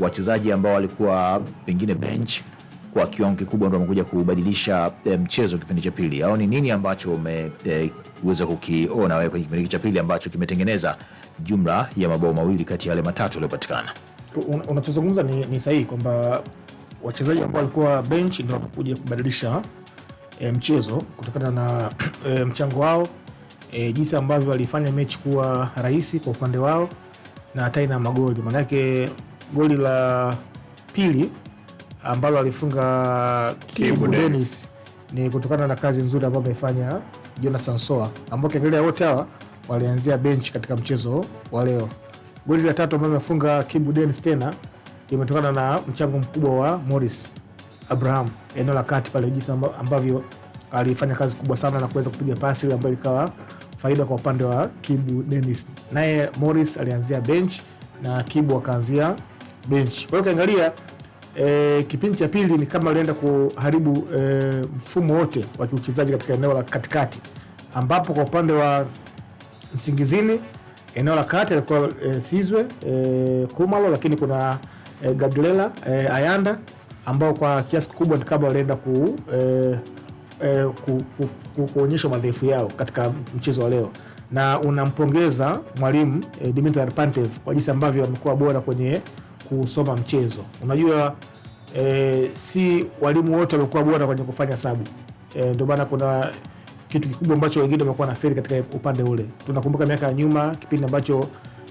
wachezaji ambao walikuwa pengine bench kwa kiwango kikubwa ndo wamekuja kubadilisha e, mchezo kipindi cha pili, au ni nini ambacho umeweza eh, e, kukiona wewe kwenye kipindi cha pili ambacho kimetengeneza jumla ya mabao mawili kati ya yale matatu yaliyopatikana? Unachozungumza ni, ni sahihi kwamba wachezaji ambao walikuwa bench ndo wamekuja kubadilisha e, mchezo kutokana na e, mchango wao e, jinsi ambavyo walifanya mechi kuwa rahisi kwa upande wao na hata ina magoli manake goli la pili ambalo alifunga Kibu Dennis ni kutokana na kazi nzuri ambayo amefanya Jonathan Soa, ambao kiangalia wote hawa walianzia benchi katika mchezo wa leo. Goli la tatu ambayo amefunga Kibu Dennis tena imetokana na mchango mkubwa wa Morris Abraham eneo la kati pale, jinsi ambavyo alifanya kazi kubwa sana na kuweza kupiga pasi ile ambayo ikawa faida kwa upande wa Kibu Dennis. Naye Morris alianzia bench na Kibu akaanzia bench. Kwa hiyo ukiangalia e, kipindi cha pili ni kama alienda kuharibu e, mfumo wote wa kiuchezaji katika eneo la katikati, ambapo kwa upande wa Nsingizini eneo la kati alikuwa e, Sizwe e, Kumalo, lakini kuna e, Gadlela e, Ayanda ambao kwa kiasi kikubwa ni kama walienda ku, e, e, ku, ku, ku, kuonyesha madhaifu yao katika mchezo wa leo, na unampongeza mwalimu e, Dimitar Pantev kwa jinsi ambavyo amekuwa bora kwenye kusoma mchezo. Unajua e, si walimu wote wamekuwa bora kwenye kufanya hesabu e, ndio maana kuna kitu kikubwa ambacho wengine wamekuwa na feli katika upande ule. Tunakumbuka miaka ya nyuma kipindi ambacho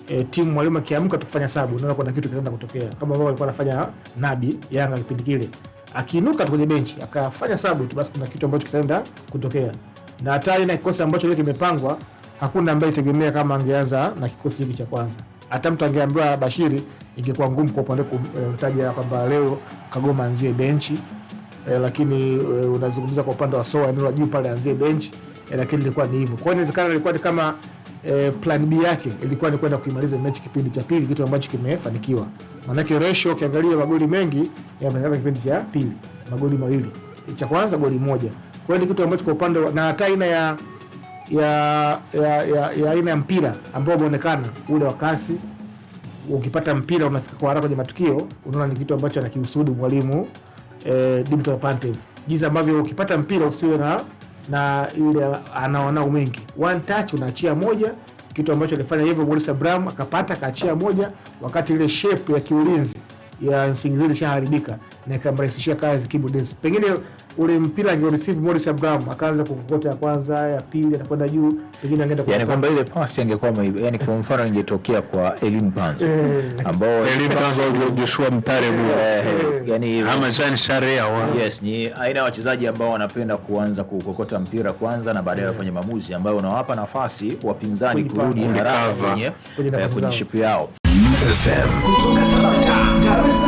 e, timu mwalimu akiamka tukufanya hesabu, naona kuna kitu kinaenda kutokea, kama ambavyo walikuwa wanafanya Nabi Yanga kipindi kile, akiinuka kwenye benchi akafanya hesabu tu, basi kuna kitu ambacho kitaenda kutokea, na hatari na kikosi ambacho ile kimepangwa, hakuna ambaye itegemea kama angeanza na kikosi hiki cha kwanza. Hata mtu angeambiwa Bashiri ingekuwa ngumu kwa upande kutaja eh, kwamba leo Kagoma anzie benchi eh, lakini eh, unazungumza kwa upande wa soa eneo la juu pale anzie benchi eh, lakini ilikuwa ni hivyo. Kwa hiyo inawezekana ilikuwa ni kama eh, plan B yake ilikuwa ni kwenda kuimaliza mechi kipindi cha pili, kitu ambacho kimefanikiwa. Maanake ratio ukiangalia magoli mengi eh, yamefanyika kipindi cha pili, magoli mawili, cha kwanza goli moja. Kwa hiyo ni kitu ambacho kwa upande na hata aina ya ya ya aina ya, ya mpira ambao umeonekana ule wa kasi ukipata mpira unafika kwa haraka kwenye matukio, unaona ni kitu ambacho anakiusudu mwalimu e, eh, Dimitar Pantev, jinsi ambavyo ukipata mpira usiwe na na ile anaona mengi one touch, unaachia moja, kitu ambacho alifanya hivyo Morris Abraham, akapata akaachia moja, wakati ile shape ya kiulinzi ya Nsingizini ilishaharibika na ikamrahisishia kazi Kibu Denis. Pengine ule mpira angereceive Morris Abraham akaanza kukokota ya kwanza ya pili atakwenda juu, pengine angeenda yaani kwa yani kwamba ile pasi angekuwa yani kwa mfano ingetokea kwa Elim Panzo eh. ambao Elim Panzo au Joshua Mtare Mtaremu eh, eh, yani ama Jean Sharea wa yes, ni aina ya wachezaji ambao wanapenda kuanza kukokota mpira kwanza na baadaye wafanye maamuzi ambayo unawapa nafasi wapinzani kurudi haraka kwenye kwenye shipu yao FM kutoka Tabata. I